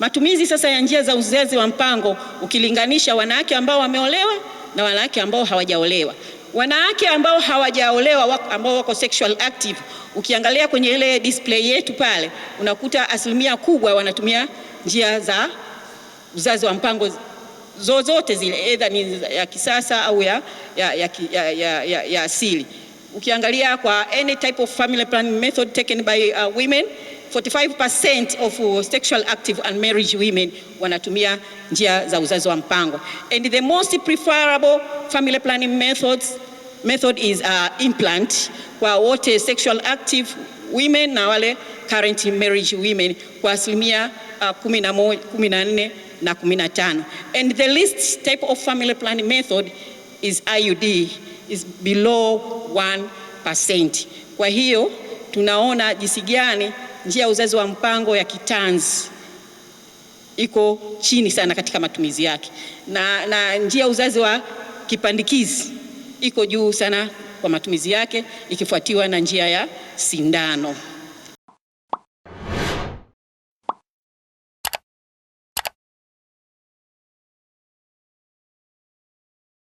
Matumizi sasa ya njia za uzazi wa mpango ukilinganisha wanawake ambao wameolewa na wanawake ambao hawajaolewa. Wanawake ambao hawajaolewa ambao wako sexual active, ukiangalia kwenye ile display yetu pale unakuta asilimia kubwa wanatumia njia za uzazi wa mpango zozote zile, aidha ni ya kisasa au ya, ya, ya, ya, ya, ya, ya asili. Ukiangalia kwa any type of family planning method taken by uh, women 45% of uh, sexual active and marriage women wanatumia njia za uzazi wa mpango and the most preferable family planning methods method is uh, implant kwa wote sexual active women na wale current marriage women kwa asilimia uh, 11, 14 na 15 and the least type of family planning method is IUD is below 1%. Kwa hiyo tunaona jinsi gani njia ya uzazi wa mpango ya kitanzi iko chini sana katika matumizi yake na, na njia ya uzazi wa kipandikizi iko juu sana kwa matumizi yake ikifuatiwa na njia ya sindano.